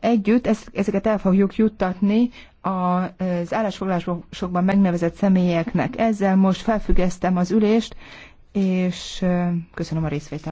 együtt ezeket el fogjuk juttatni az állásfoglalásokban megnevezett személyeknek. Ezzel most felfüggesztem az ülést, és köszönöm a részvételt.